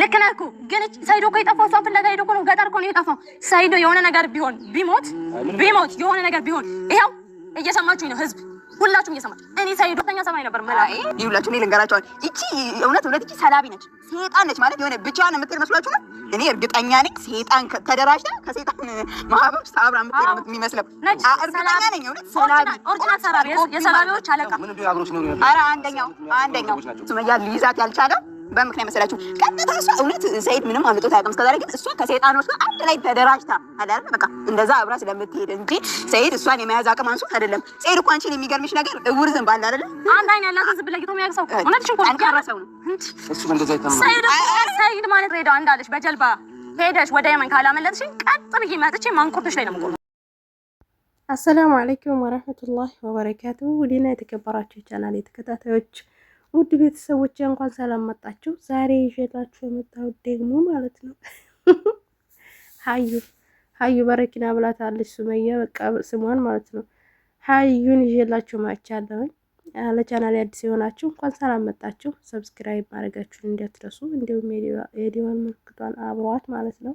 ልክ ነህ እኮ ግን ሰይዶ እኮ የጠፋው እሷን ፍለጋ ሄዶ እኮ ነው። ገጠር እኮ ነው የጠፋው ሰይዶ። የሆነ ነገር ቢሆን ቢሞት ቢሞት የሆነ ነገር ቢሆን ይኸው እየሰማችሁኝ ነው ህዝብ ሁላችሁም እየሰማችሁ እኔ ሰይዶ ተኛ ሰማይ ነበር መላ ይሁላችሁ። እኔ ልንገራችሁ እቺ እውነት እውነት እቺ ሰላቢ ነች፣ ሴጣን ነች ማለት የሆነ ብቻዋን የምትሄድ መስሏችሁ ነው። እኔ እርግጠኛ ነኝ ሴጣን ተደራጅታ ከሴጣን ማህበር ውስጥ የሚመስለው እርግጠኛ ነኝ። ኦሪጂናል ሰራቢ የሰራቢዎች አለቃ አንደኛው አንደኛው ሱመያ ሊይዛት ያልቻለው በምክንያት መሰላችሁ ቀጥታ እሷ እውነት ሰይድ ምንም አምልጦት አያውቅም እስከዛሬ። ግን እሷ ከሰይጣኖች ጋር አንድ ላይ ተደራጅታ አላለ በቃ እንደዛ አብራ ስለምትሄድ እንጂ ሰይድ እሷን የመያዝ አቅም አንሱ አይደለም። ሰይድ እኮ አንቺን የሚገርምሽ ነገር እውር ዝንብ አለ አይደለ? አንድ አይን ያላት ዝንብ ለይቶ የሚያውቅ ሰው እውነትሽ እኮ ሰው ነው እሱ። እንደዛ ሰይድ ማለት ሬዳ እንዳለች በጀልባ ሄደሽ ወደ የመን ካላመለጥሽ ቀጥ ብዬ መጥቼ ማንቁርቶች ላይ ነው የምቆመው። አሰላሙ አለይኩም ወረህመቱላህ ወበረካቱ። ዲና የተከበራችሁ ቻናል የተከታታዮች ውድ ቤተሰቦች እንኳን ሰላም መጣችሁ። ዛሬ ይዤላችሁ የመጣሁት ደግሞ ማለት ነው ሀዩ ሀዩ በረኪና ብላታለች ሱመያ በቃ ስሟን ማለት ነው። ሀዩን ይዤላችሁ ማቻለሁኝ። ለቻናል አዲስ የሆናችሁ እንኳን ሰላም መጣችሁ። ሰብስክራይብ ማድረጋችሁን እንዲያትረሱ እንዲሁም የዲዋን ምልክቷን አብሯት ማለት ነው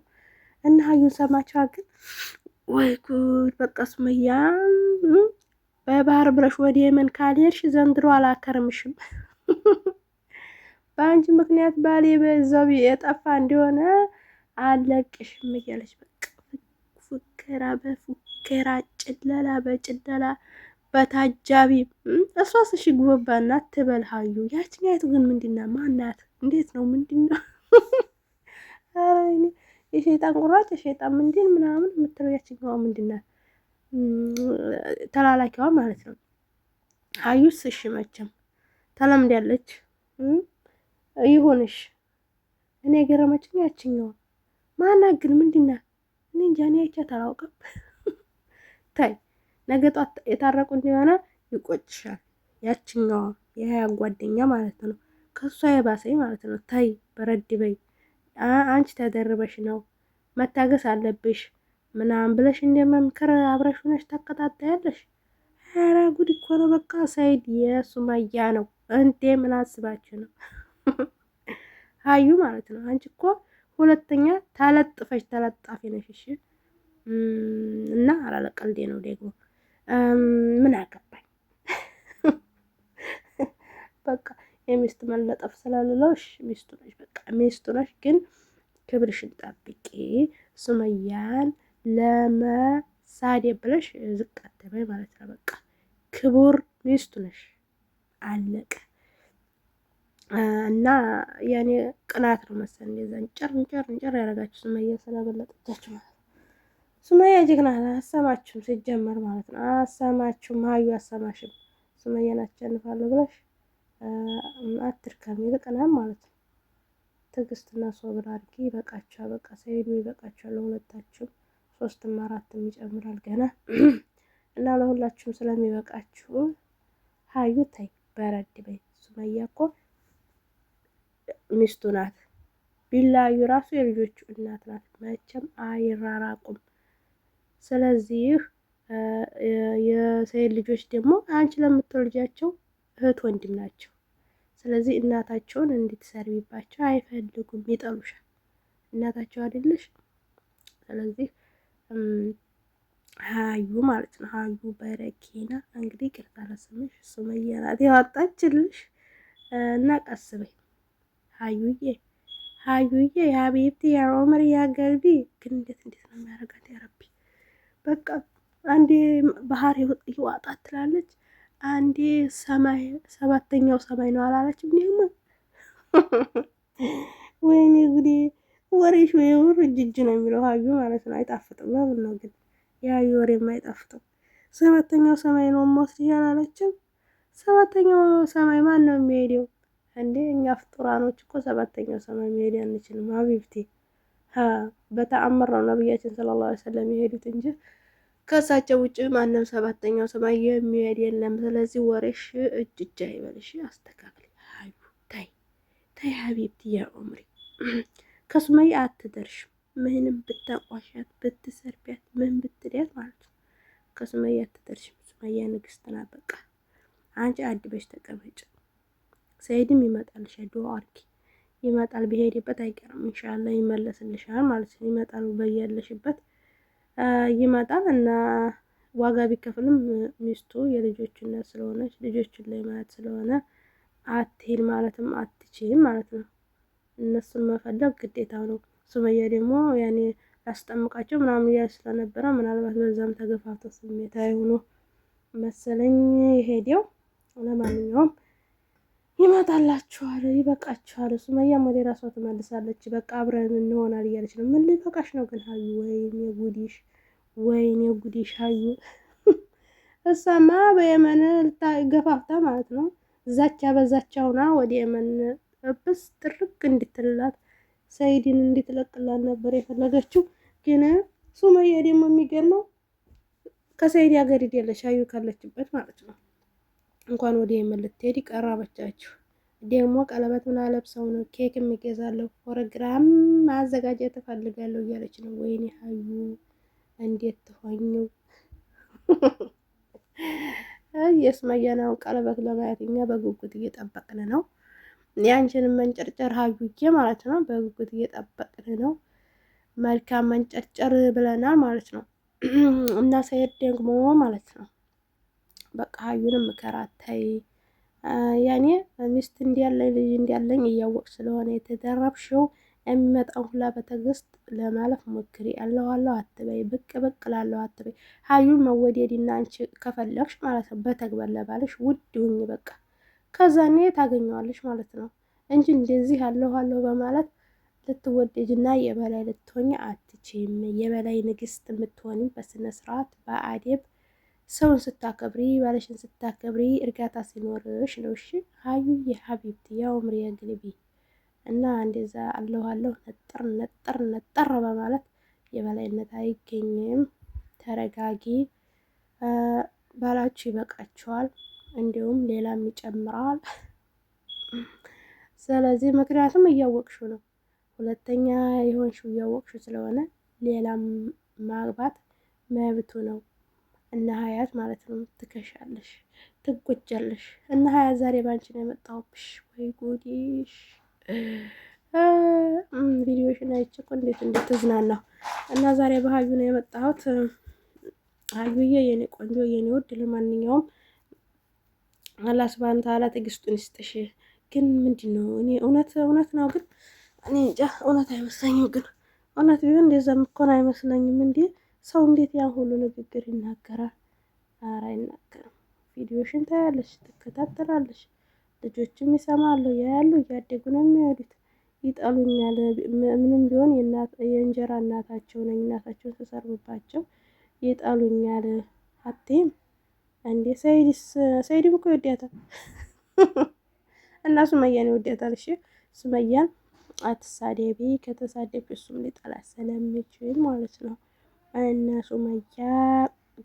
እና ሀዩን ሰማችኋ ግን ወይ ጉድ! በቃ ሱመያ በባህር ብረሽ ወደ የመን ካልሄድሽ ዘንድሮ አላከርምሽም። በአንቺ ምክንያት ባሌ በዛው የጠፋ እንደሆነ አለቅሽም እያለች በቃ ፉከራ በፉከራ ጭለላ በጭለላ በታጃቢ እሷስ እሺ ጉበባና ትበልሃዩ ያችኛይቱ ግን ምንድና ማናት? እንዴት ነው ምንድና የሸይጣን ቁራጭ የሸይጣን ምንድን ምናምን የምትለው ያችኛዋ ምንድና ተላላኪዋ ማለት ነው። አዩስ እሺ መቼም ተለምዳለች። ይሁንሽ። እኔ የገረመችኝ ያችኛውን ማና ግን ምንድና እኔ እንጃ እኔ አይቻት አላውቅም። ታይ ነገ ጧት የታረቁ እንዲሆነ ይቆጭሻል። ያችኛዋ የሀያ ጓደኛ ማለት ነው። ከሷ የባሰኝ ማለት ነው። ታይ በረድ በይ። አንቺ ተደርበሽ ነው መታገስ አለብሽ ምናምን ብለሽ እንደመምከር አብረሽ ሆነሽ ታቀጣጣያለሽ። ኧረ ጉድ እኮ ነው። በቃ ሳይድ የሱማያ ነው እንዴ? ምን አስባችሁ ነው? ሀዩ ማለት ነው። አንቺ እኮ ሁለተኛ ተለጥፈሽ ተለጣፊ ነሽ። እሺ እና አላለቀልዴ ነው ደግሞ ምን አገባኝ። በቃ የሚስት መለጠፍ ስላልለው ሚስቱ ነሽ፣ በቃ ሚስቱ ነሽ። ግን ክብርሽን ጠብቂ። ሱመያን ለመሳዴ ብለሽ ዝቅ አትበይ ማለት ነው። በቃ ክቡር ሚስቱ ነሽ። አለቀ። እና ያኔ ቅናት ነው መሰል እንደዛ እንጨር እንጨር እንጨር ያደረጋችሁ ሱመያ ስለበለጠቻችሁ ማለት ነው። ሱመያ ጀግና አሰማችሁም ሲጀመር ማለት ነው። አሰማችሁም ሀዩ አሰማሽም ሱመያን አሸንፋለሁ ብለሽ አትርከም ይልቅናም ማለት ነው። ትዕግስትና ሶብር አድርጊ። ይበቃችኋል። በቃ ሰይዱ ይበቃችኋል። ለሁለታችሁም ሶስትም አራትም ይጨምራል ገና እና ለሁላችሁም ስለሚበቃችሁ ሀዩ ታይ በረድ በይ ሱመያ እኮ ሚስቱ ናት። ቢላዩ ራሱ የልጆቹ እናት ናት። መቼም አይራራቁም። ስለዚህ የሰይድ ልጆች ደግሞ አንቺ ለምትወልጃቸው እህት ወንድም ናቸው። ስለዚህ እናታቸውን እንድትሰርቢባቸው አይፈልጉም፣ ይጠሉሻል። እናታቸው አይደለሽ። ስለዚህ ሀዩ ማለት ነው። ሀዩ በረኪና እንግዲህ ቅርታ ለስምሽ ሱመያ ናት ያወጣችልሽ እና ቀስበኝ ሀዩዬ ሀዩዬ የሀቢብቲ የኦመር ያገልቢ ግን እንዴት እንዴት ነው የሚያደርጋት? ያረቢ በቃ አንዴ ባህር ይዋጣት ትላለች፣ አንዴ ሰማይ ሰባተኛው ሰማይ ነው አላለች። እንዲህማ ወይኔ ጉዴ! ወሬሽ ወይ ውር እጅጅ ነው የሚለው ሀዩ ማለት ነው። አይጣፍጥም። ለምን ነው ግን የሀዩ ወሬ አይጣፍጥም? ሰባተኛው ሰማይ ነው ሞስ አላለችም። ሰባተኛው ሰማይ ማን ነው የሚሄደው? እንዴ እኛ ፍጡራኖች እኮ ሰባተኛው ሰማይ መሄድ አንችልም። ሀቢብቲ በተአምር ነው ነቢያችን ስለ ላ ወሰለም የሄዱት እንጂ ከእሳቸው ውጭ ማንም ሰባተኛው ሰማይ የሚሄድ የለም። ስለዚህ ወሬሽ እጅጃ ይበልሽ አስተካክል። ሀዩ ታይ ታይ ሀቢብቲ ያ ከሱመይ ከሱመያ አትደርሽም። ምንም ብታቋሻት ብትሰርቢያት፣ ምን ብትልያት ማለት ነው ከሱመይ አትደርሽም። ሱመያ ንግስትና በቃ አንቺ አድበሽ ተቀመጭ። ሰይድም ይመጣልሻል። ዱዓ አድርጊ። ይመጣል በሄደበት አይቀርም ኢንሻአላ ይመለስልሻል ማለት ነው። ይመጣል በያለሽበት ይመጣል እና ዋጋ ቢከፍልም ሚስቱ የልጆች እናት ስለሆነች ልጆችን ላይ ማለት ስለሆነ አትሄድ ማለትም አትችልም ማለት ነው። እነሱን መፈለግ ግዴታ ነው። ሱመያ ደግሞ ያኔ ላስጠምቃቸው ምናምን እያለ ስለነበረ ምናልባት በዛም ተገፋቶ ስሜታዊ ሆኖ መሰለኝ የሄደው። ለማንኛውም ይመጣላችኋል፣ ይበቃችኋል። ሱመያም ወደ ራሷ ትመልሳለች። በቃ አብረን እንሆናል እያለች ነው። ምን ሊበቃሽ ነው ግን ሀዩ? ወይኔ ጉዲሽ፣ ወይኔ ጉዲሽ ሀዩ። እሳማ በየመን ልታገፋፍታ ማለት ነው ዛቻ በዛቻ ሆና ወደ የመን እብስ ጥርቅ እንድትልላት ሰይድን እንድትለቅላት ነበር የፈለገችው። ግን ሱመያ ደግሞ የሚገርመው ከሰይድ ሀገር ሄዳለች ሀዩ ካለችበት ማለት ነው። እንኳን ወደ የመን ልትሄድ ደግሞ ቀለበት ምን አለብሰው ነው ኬክ የሚገዛለሁ ፕሮግራም ማዘጋጀት እፈልጋለሁ እያለች ነው። ወይኔ ሀዩ እንዴት ትሆኝው? የስመየናው ቀለበት ለማየት እኛ በጉጉት እየጠበቅን ነው። ያንቺንም መንጨርጨር ሀዩዬ ማለት ነው። በጉጉት እየጠበቅን ነው። መልካም መንጨርጨር ብለናል ማለት ነው። እና ሰይድ ደግሞ ማለት ነው በቃ ሀዩንም ምከራት ተይ ያኔ ሚስት እንዲያለኝ ልጅ እንዲያለኝ እያወቅ ስለሆነ የተደረብሽው የሚመጣው ሁላ በትዕግስት ለማለፍ ሞክሪ። አለዋለሁ አትበይ፣ ብቅ ብቅ ላለሁ አትበይ። ሀዩን መወደድና አንቺ ከፈለግሽ ማለት ነው በተግበር ለባለሽ ውድ ሁኝ በቃ ከዛኔ ታገኘዋለሽ ማለት ነው እንጂ እንደዚህ አለኋለሁ በማለት ልትወደጅ ልትወደጅና የበላይ ልትሆኝ አትችም። የበላይ ንግስት የምትሆኝ በስነስርዓት በአዴብ ሰውን ስታከብሪ ባለሽን ስታከብሪ እርጋታ ሲኖርሽ ነው። እሺ ሀዩዬ ሀቢብቲ ያው ምሪ እንግሊቢ እና እንደዛ አለሁ አለሁ ነጠር ነጠር ነጠር በማለት የበላይነት አይገኝም። ተረጋጊ፣ ባላችሁ ይበቃችኋል፣ እንዲሁም ሌላም ይጨምራል። ስለዚህ ምክንያቱም እያወቅሹ ነው፣ ሁለተኛ የሆንሽው እያወቅሹ ስለሆነ ሌላም ማግባት መብቱ ነው። እነ ሀያት ማለት ነው። ትከሻለሽ፣ ትጎጃለሽ። እነ ሀያት ዛሬ ባንቺ ነው የመጣሁብሽ። ወይ ጉዲሽ! ቪዲዮሽን አይቼ እኮ እንዴት እንደተዝናናሁ እና ዛሬ በሀዩ ነው የመጣሁት። ሀዩዬ የኔ ቆንጆ የኔ ውድ፣ ለማንኛውም አላህ ሱብሃነሁ ወተዓላ ትዕግስቱን ይስጥሽ። ግን ምንድን ነው እኔ እውነት እውነት ነው ግን እኔ እንጃ እውነት አይመስለኝም። ግን እውነት ቢሆን እንደዛ ምኮን አይመስለኝም እንዴ ሰው እንዴት ያን ሁሉ ንግግር ይናገራል? ኧረ አይናገርም። ቪዲዮሽን ታያለሽ፣ ትከታተላለሽ፣ ልጆችም ይሰማሉ፣ ያያሉ፣ እያደጉ ነው የሚሄዱት። ይጠሉኛል፣ ምንም ቢሆን የእንጀራ እናታቸው ነኝ፣ እናታቸውን ስሰርብባቸው ይጠሉኛል። አትይም እንዴ? ሰይድስ ሰይድም እኮ ይወዳታል እና ሱመያን ይወዳታል። እሺ ሱመያን አትሳደቢ፣ ከተሳደብሽ እሱም ሊጠላት ስለሚችል ማለት ነው። እነ ሱመያ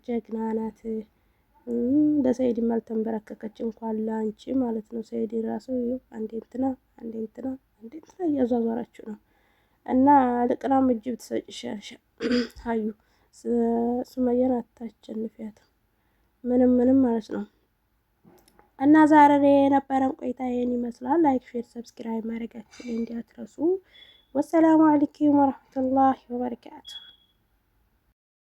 ጀግና ናት። ለሰይድ አልተንበረከከች እንኳን ለአንቺ ማለት ነው። ሰይድ ራሱ አንዴ እንትና አንዴ እንትና አንዴ እንትና እያዟዟራችሁ ነው። እና ልቅናም እጅ ብትሰጭሻሻ ሀዩ ሱመያን አታሸንፊያት ምንም ምንም ማለት ነው። እና ዛሬ የነበረን ቆይታ ይህን ይመስላል። ላይክ፣ ሼር፣ ሰብስክራይብ ማድረጋችሁን እንዲያትረሱ። ወሰላሙ አለይኩም ወረህመቱላሂ ወበረካቱሁ